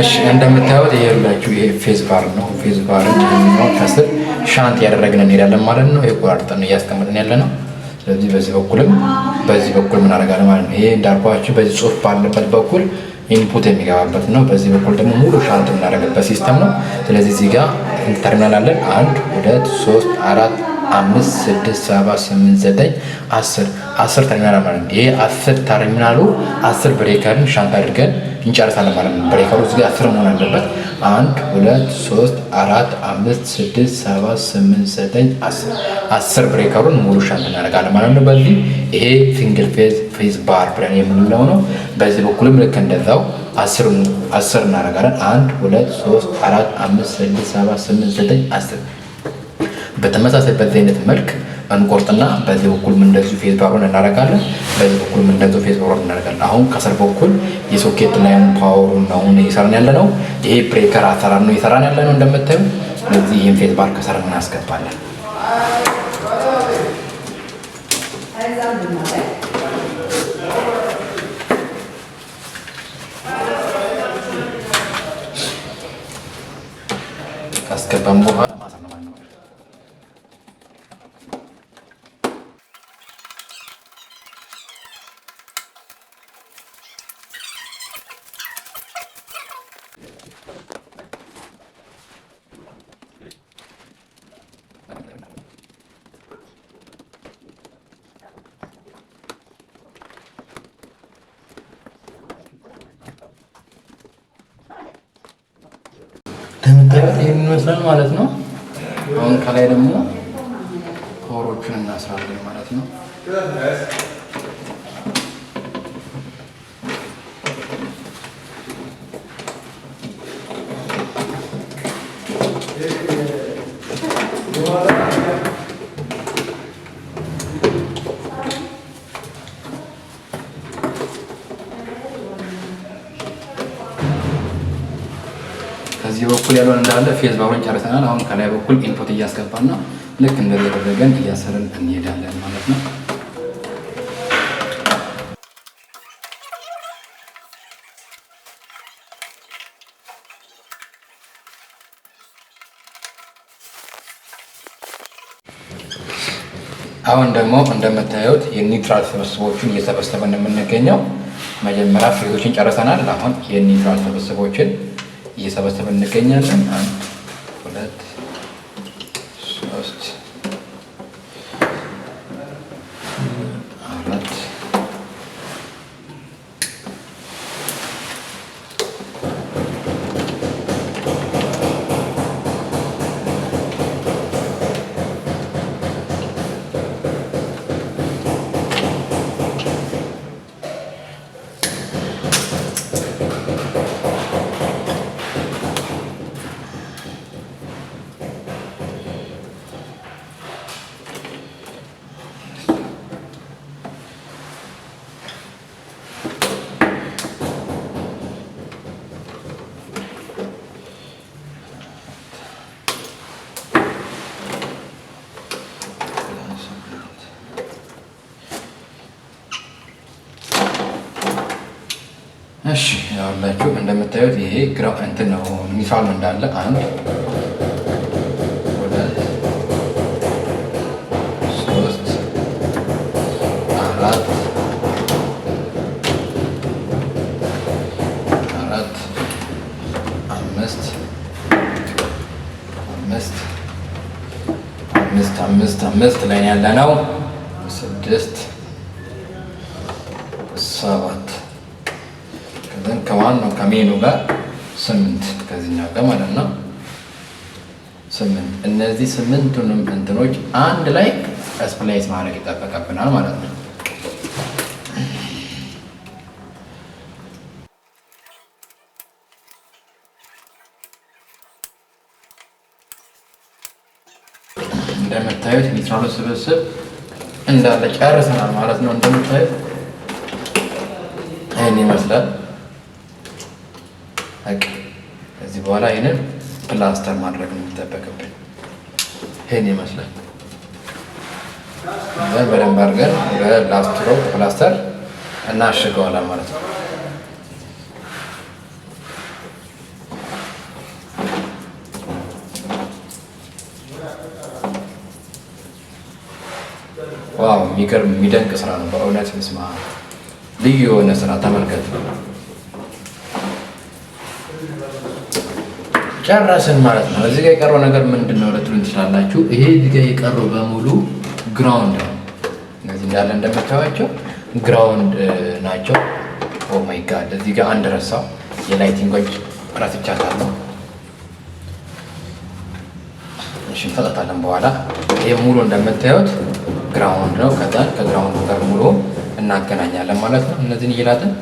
እሺ እንደምታዩት ይሄ ሁላችሁ ይሄ ፌዝ ባር ነው። ፌዝ ባር ነው ከስር ሻንት ያደረግን እንሄዳለን ማለት ነው። የቆራርጠን ነው እያስቀመጥን ያለ ነው። ስለዚህ በዚህ በኩልም በዚህ በኩል ምን አደርጋለን ማለት ነው። ይሄ እንዳልኳችሁ በዚህ ጽሁፍ ባለበት በኩል ኢንፑት የሚገባበት ነው። በዚህ በኩል ደግሞ ሙሉ ሻንት የምናደርግበት ሲስተም ነው። ስለዚህ እዚህ ጋር ኢንተርናል አለን። አንድ ሁለት ሶስት አራት አምስት ስድስት ሰባ ስምንት ዘጠኝ አስር አስር ተርሚናል ማለት ነው። ይሄ አስር ተርሚናሉ አስር ብሬከርን ሻንት አድርገን እንጨርሳለን ማለት ነው። ብሬከሩ እዚህ አስር መሆን አለበት። አንድ ሁለት ሶስት አራት አምስት ስድስት ሰባ ስምንት ዘጠኝ አስር አስር ብሬከሩን ሙሉ ሻንት እናደርጋለን ማለት ነው። በዚህ ይሄ ሲንግል ፌዝ ፌዝ ባር ብለን የምንለው ነው። በዚህ በኩልም ልክ እንደዛው አስር እናደርጋለን። አንድ ሁለት ሶስት አራት አምስት ስድስት ሰባ ስምንት ዘጠኝ አስር በተመሳሳይ በዚህ አይነት መልክ እንቆርጥና በዚህ በኩል እንደዚሁ ፌዝ ባሮን እናደርጋለን። በዚህ በኩል እንደዚሁ ፌዝ ባሮን እናደርጋለን። አሁን ከስር በኩል የሶኬት ላይን ፓወሩ አሁን እየሰራን ያለ ነው። ይሄ ብሬከር አሰራር ነው እየሰራን ያለ ነው እንደምታዩ። ስለዚህ ይህን ፌዝ ባር ከስር እናስገባለን። ካስገባን በኋላ እንደምታዩት ይህን ይመስላል ማለት ነው። አሁን ከላይ ደግሞ ኮሮቹን እናስራለን ማለት ነው። በኩል ያለውን እንዳለ ፌዝ ባሁን ጨርሰናል። አሁን ከላይ በኩል ኢንፑት እያስገባና ልክ እንደያደረገን ያደረገን እያሰርን እንሄዳለን ማለት ነው። አሁን ደግሞ እንደምታዩት የኒውትራል ስብስቦችን እየሰበሰበን የምንገኘው መጀመሪያ ፍሬዞችን ጨርሰናል። አሁን የኒውትራል ስብስቦችን እየሰበሰብን እንገኛለን። ታውቃላችሁ። እንደምታዩት ይሄ ግራ እንትን ነው ሚፋሉ እንዳለ አንድ ሁለት አምስት አምስት አምስት ላይ ያለ ነው ስድስት ከሜኑ ጋር ስምንት ከዚህኛው ጋር ማለት ነው ስምንት እነዚህ ስምንቱንም እንትኖች አንድ ላይ ስፕላይስ ማድረግ ይጠበቀብናል ማለት ነው። እንደምታዩት ኒትራሎ ስብስብ እንዳለ ጨርሰናል ማለት ነው። እንደምታዩት ይህን ይመስላል። ከዚህ በኋላ ይህንን ፕላስተር ማድረግ ነው የሚጠበቅብን። ይህን ይመስላል። በደንብ አድርገን በላስትሮ ፕላስተር እናሽገዋለን ማለት ነው። ዋው! የሚገርም የሚደንቅ ስራ ነው በእውነት ምስማ ልዩ የሆነ ስራ ተመልከት። ጨረስን ማለት ነው። እዚህ ጋር የቀረው ነገር ምንድን ነው ልትሉን ትችላላችሁ። ይሄ እዚህ ጋር የቀረው በሙሉ ግራውንድ ነው። እነዚህ እንዳለ እንደምታዩቸው ግራውንድ ናቸው። ኦ ማይ ጋድ! እዚህ ጋር አንድ ረሳው የላይቲንጎች ረስቻታለሁ። እሺ እንፈጣታለን በኋላ። ይሄ ሙሉ እንደምታዩት ግራውንድ ነው። ከዛ ከግራውንድ ጋር ሙሉ እናገናኛለን ማለት ነው። እነዚህን እየላጥን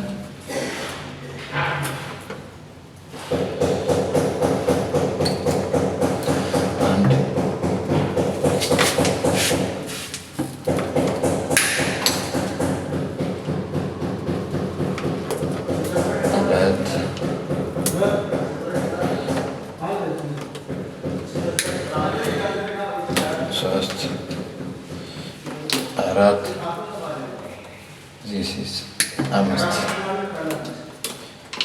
ሁለት ሶስት አራት ዚሲስ አምስት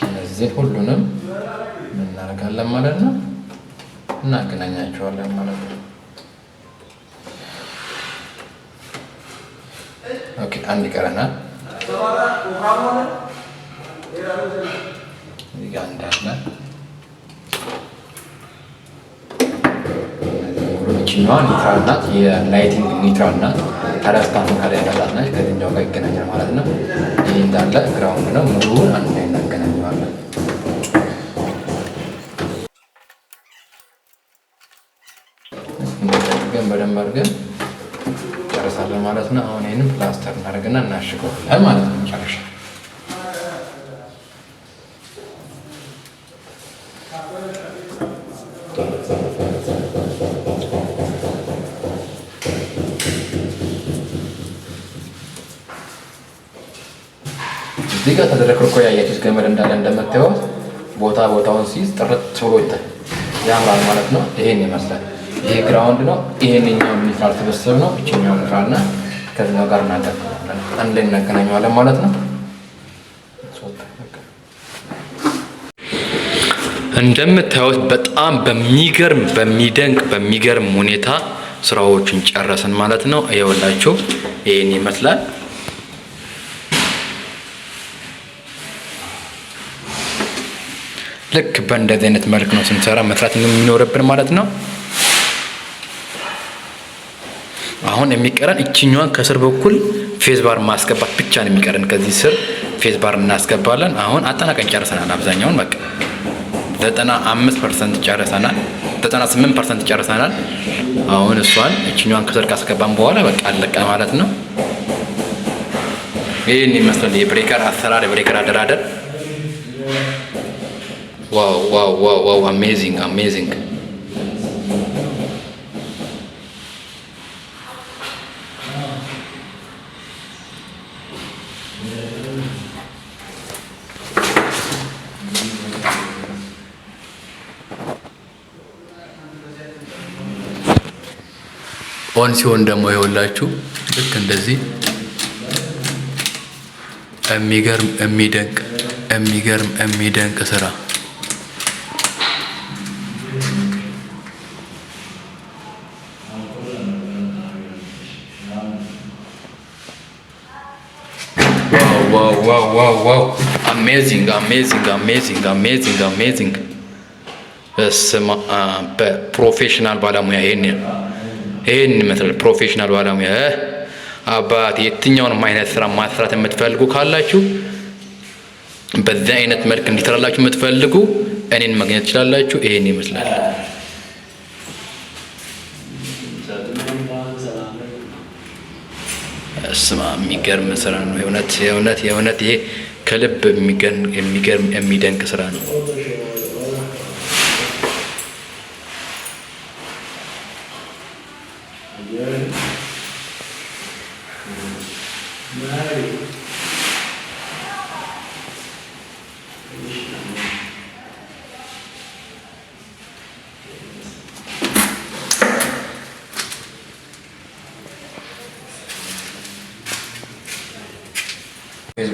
እነዚህ ሁሉንም እናደርጋለን ማለት ነው፣ እናገናኛቸዋለን ማለት ነው። ኦኬ አንድ ይቀረናል። እዚህ ጋር እንዳለ ይችኛዋ ኒትራል ናት። የላይቲንግ ኒትራል ናት። አራት ካምፕ ከላይ ያላት ናት። ጋር ይገናኛል ማለት ነው። ይህ እንዳለ ግራውንድ ነው። ሙሉውን አንድ ላይ እናገናኘዋለን። እንደገን በደንብ አድርገን ጨርሳለን ማለት ነው። አሁን ይህንም ፕላስተር እናደርግና እናሽገዋለን ማለት ነው መጨረሻ እዚህ ጋር ተዝረክርኮ ያያችሁት ገመድ እንዳለ እንደምታዩት ቦታ ቦታውን ሲይዝ ጥርት ብሎ ይታል ያምራል ማለት ነው። ይሄን ይመስላል። ይሄ ግራውንድ ነው። ይሄንኛው ሚኒትራል ትብስብ ነው። ይችኛው ሚኒትራል እና ከዚያው ጋር እናንተ አንድ ላይ እናገናኘዋለን ማለት ነው። እንደምታዩት በጣም በሚገርም በሚደንቅ በሚገርም ሁኔታ ስራዎችን ጨረስን ማለት ነው። እየወላችሁ ይህን ይመስላል። ልክ በእንደዚህ አይነት መልክ ነው ስንሰራ መስራት የሚኖርብን ማለት ነው። አሁን የሚቀረን እችኛዋን ከስር በኩል ፌዝ ባር ማስገባት ብቻ ነው የሚቀረን። ከዚህ ስር ፌዝ ባር እናስገባለን። አሁን አጠናቀን ጨርሰናል። አብዛኛውን በቃ ዘጠና አምስት ፐርሰንት ጨርሰናል። ዘጠና ስምንት ፐርሰንት ጨርሰናል። አሁን እሷን እችኛዋን ከስር ካስገባን በኋላ በቃ አለቀ ማለት ነው። ይህን ይመስላል የብሬከር አሰራር፣ የብሬከር አደራደር Wow, wow, wow, wow, amazing, amazing. ኦን ሲሆን ደግሞ ይኸውላችሁ ልክ እንደዚህ የሚገርም የሚደንቅ የሚገርም የሚደንቅ ስራ አሜዚንግ አሜዚንግ አሜዚንግ አሜዚንግ አሜዚንግ። በስመ አብ በፕሮፌሽናል ባለሙያ ይሄን ይሄን ይመስላል። ፕሮፌሽናል ባለሙያ አባት የትኛውንም አይነት ስራ ማስራት የምትፈልጉ ካላችሁ በዚህ አይነት መልክ እንዲሰራላችሁ የምትፈልጉ እኔን ማግኘት ትችላላችሁ። ይሄን ይመስላል። ስማ የሚገርም ስራ ነው። የእውነት የእውነት የእውነት ይሄ ከልብ የሚገርም የሚደንቅ ስራ ነው።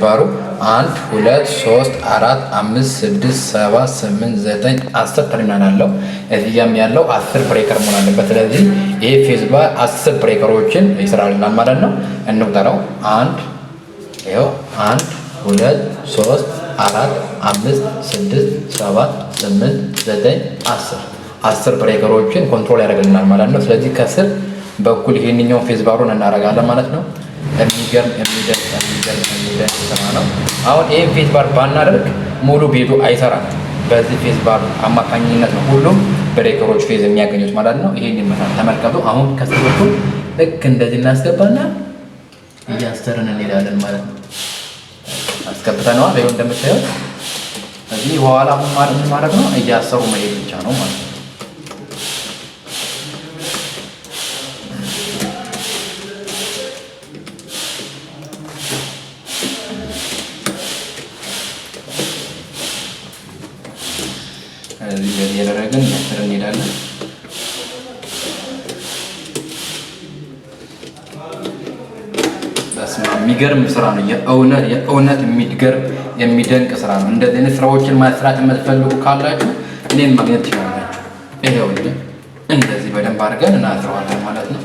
ባሩ አንድ ሁለት ሶስት አራት አምስት ስድስት ሰባት ስምንት ዘጠኝ አስር ተርሚናል አለው። እዚያም ያለው አስር ብሬከር መሆን አለበት። ስለዚህ ይሄ ፌዝባር አስር ብሬከሮችን ይሰራልናል ማለት ነው። እንቁጠረው። አንድ ይኸው አንድ ሁለት ሶስት አራት አምስት ስድስት ሰባት ስምንት ዘጠኝ አስር አስር ብሬከሮችን ኮንትሮል ያደርግልናል ማለት ነው። ስለዚህ ከስር በኩል ይህንኛውን ባሩን እናደርጋለን ማለት ነው። የሚገርም የሚደርስ የሚገርም የሚደርስ ስራ ነው። አሁን ይህን ፌስ ባር ባናደርግ ሙሉ ቤቱ አይሰራም። በዚህ ፌስ ባር አማካኝነት ነው ሁሉም ብሬከሮች ፌዝ የሚያገኙት ማለት ነው። ይሄን ይመስላል ተመልከቱ። አሁን ከስር ልክ እንደዚህ እናስገባና እያሰርን እንሄዳለን ማለት ነው። አስገብተነዋል። ይኸው እንደምታዩት እዚህ በኋላ ማለት ነው እያሰሩ መሄድ ብቻ ነው ማለት ነው። የሚገርም ስራ ነው። የእውነት የእውነት የሚገርም የሚደንቅ ስራ ነው። እንደዚህ አይነት ስራዎችን ማስራት የምትፈልጉ ካላችሁ እኔን ማግኘት ትችላላችሁ። ይሄው እንደዚህ በደንብ አድርገን እናስረዋለን ማለት ነው።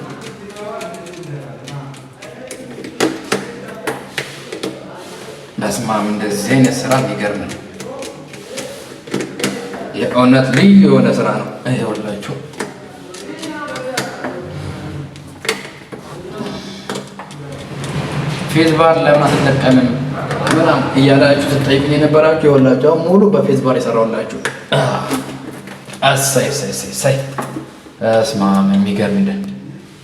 በስማም እንደዚህ አይነት ስራ የሚገርም ነው። የእውነት ልዩ የሆነ ስራ ነው። ይሄውላችሁ ፌዝ ባር ለማስለቀምም ምናም እያላችሁ ስጠይቁኝ የነበራችሁ የወላችሁ አሁን ሙሉ በፌዝ ባር የሰራውላችሁ እሰይ እሰይ እሰይ እሰይ እስማ የሚገርም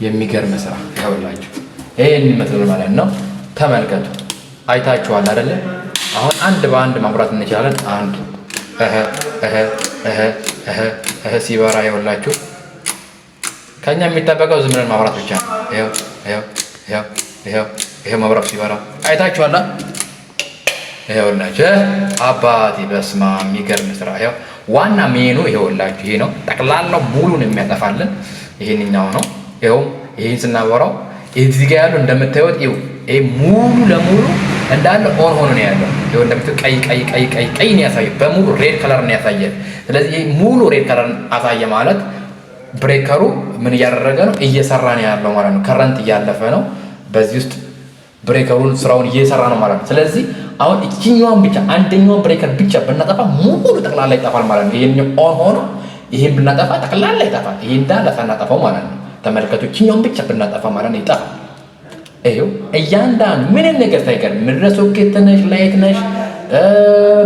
የሚገርም ስራ ያውላችሁ ይሄን ይመስል ማለት ነው። ተመልከቱ፣ አይታችኋል አይደለ? አሁን አንድ በአንድ ማብራት እንችላለን። አንድ እህ እህ እህ እህ እህ ሲበራ ያውላችሁ ከኛ የሚጠበቀው ዝም ብለን ማብራት ብቻ ነው። ይሄው ይሄው ይሄው ይሄው ይሄ መብራት ሲበራ አይታችኋላ። ይሄውላችሁ አባቴ በስማ የሚገርም ስራ። ይሄው ዋና ሜኑ ይሄውላችሁ፣ ይሄ ነው ጠቅላላው ሙሉን የሚያጠፋልን ይሄንኛው ነው። ይሄው ይሄን ስናበራው እዚህ ጋር ያለው እንደምታዩት ይው ይሄ ሙሉ ለሙሉ እንዳለ ኦን ሆኖ ነው ያለው። ይሄው እንደምታዩት ቀይ ቀይ ቀይ ቀይ ቀይ ነው ያሳየው፣ በሙሉ ሬድ ከለር ነው ያሳየው። ስለዚህ ይሄ ሙሉ ሬድ ከለር አሳየ ማለት ብሬከሩ ምን እያደረገ ነው? እየሰራ ነው ያለው ማለት ነው። ከረንት እያለፈ ነው በዚህ ውስጥ ብሬከሩን ስራውን እየሰራ ነው ማለት ነው። ስለዚህ አሁን እችኛዋን ብቻ አንደኛውን ብሬከር ብቻ ብናጠፋ ሙሉ ጠቅላላ ይጠፋል ማለት ነው። ይሄን ኦን ሆኖ ይሄን ብናጠፋ ጠቅላላ ይጠፋል። ይሄ እንዳለ ሳናጠፋው ማለት ነው። ተመልከቱ፣ እችኛውን ብቻ ብናጠፋ ማለት ነው ይጠፋል። ይኸው እያንዳንዱ ምንም ነገር ሳይቀር ምድረ ሶኬት ነሽ፣ ላይት ነሽ፣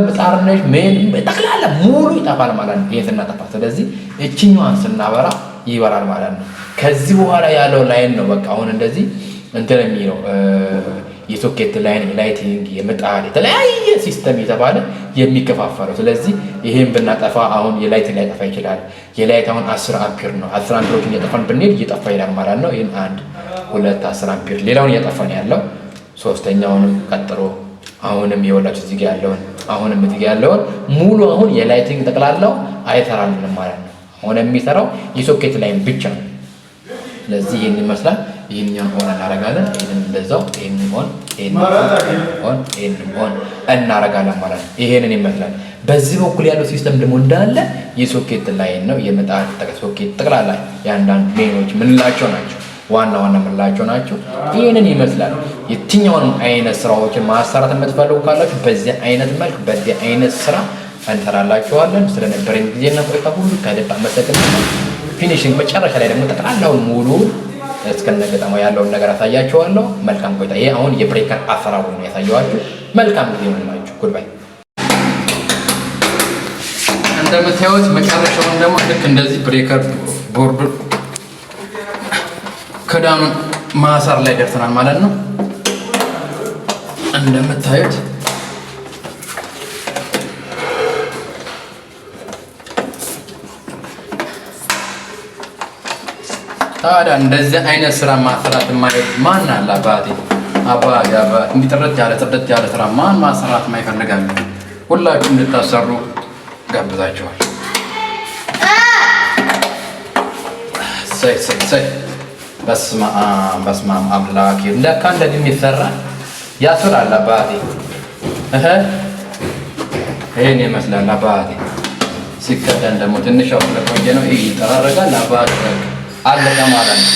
ምጣር ነሽ፣ ምን ጠቅላላ ሙሉ ይጠፋል ማለት ነው። ይሄ ስናጠፋ፣ ስለዚህ እችኛዋን ስናበራ ይበራል ማለት ነው። ከዚህ በኋላ ያለው ላይን ነው በቃ አሁን እንደዚህ እንትን የሚለው የሶኬት ላይን ላይቲንግ የምጣድ የተለያየ ሲስተም የተባለ የሚከፋፈለው። ስለዚህ ይሄን ብናጠፋ አሁን የላይት ሊያጠፋ ይችላል። የላይት አሁን አስር አምፒር ነው። አስር አምፒሮችን እየጠፋን ብንሄድ እየጠፋ ይላል ማለት ነው። ይህም አንድ ሁለት አስር አምፒር ሌላውን እየጠፋን ያለው ሶስተኛውንም ቀጥሮ አሁንም የወላችሁ እዚህ ጋር ያለውን አሁንም እዚህ ጋር ያለውን ሙሉ አሁን የላይቲንግ ጠቅላላው አይሰራልንም ማለት ነው። አሁን የሚሰራው የሶኬት ላይን ብቻ ነው። ስለዚህ ይህን ይመስላል። ይህኛውን ኦን እናረጋለን። ይህንን እንደዛው ይህንን ኦን ኦን ይህንን ኦን እናረጋለን ማለት ነው። ይሄንን ይመስላል። በዚህ በኩል ያለው ሲስተም ደግሞ እንዳለ የሶኬት ላይን ነው የምጣድ ሶኬት ጠቅላላ የአንዳንድ ሜኖች ምንላቸው ናቸው ዋና ዋና ምንላቸው ናቸው። ይህንን ይመስላል። የትኛውንም አይነት ስራዎችን ማሰራት የምትፈልጉ ካላችሁ በዚህ አይነት መልክ በዚህ አይነት ስራ እንሰራላችኋለን። ስለነበረኝ ጊዜና ቆይታ ሁሉ ከልብ አመሰግናለሁ። ፊኒሽንግ መጨረሻ ላይ ደግሞ ጠቅላላውን ሙሉ እስከነ ገጠማው ያለውን ነገር አሳያችኋለሁ። መልካም ቆይታ። ይሄ አሁን የብሬከር አሰራሩ ነው ያሳየኋችሁ። መልካም ጊዜ ሆንላችሁ። ጉድባይ። እንደምታዩት መጨረሻውን ደግሞ ልክ እንደዚህ ብሬከር ቦርዱ ክዳኑን ማሰር ላይ ደርሰናል ማለት ነው እንደምታዩት ታዲያ እንደዚህ አይነት ስራ ማሰራት የማይወድ ማን አለ? አባቴ አባ ያባ እንዲህ ጥርት ያለ ጥርት ያለ ስራ ማን ማሰራት የማይፈልጋል? ሁላችሁ እንድታሰሩ ጋብዛችኋል። ሰይ ሰይ ሰይ በስመ አብ በስመ አብ አምላኬ። ለካ እንደዚህ የሚሰራ ያስራል። አባቴ እህ ይሄን ይመስላል። አባቴ ሲከደን ደግሞ ትንሽ አውጥቶ ቆየ ነው ይጠራረጋል። አባቴ አለቀ ማለት ነው።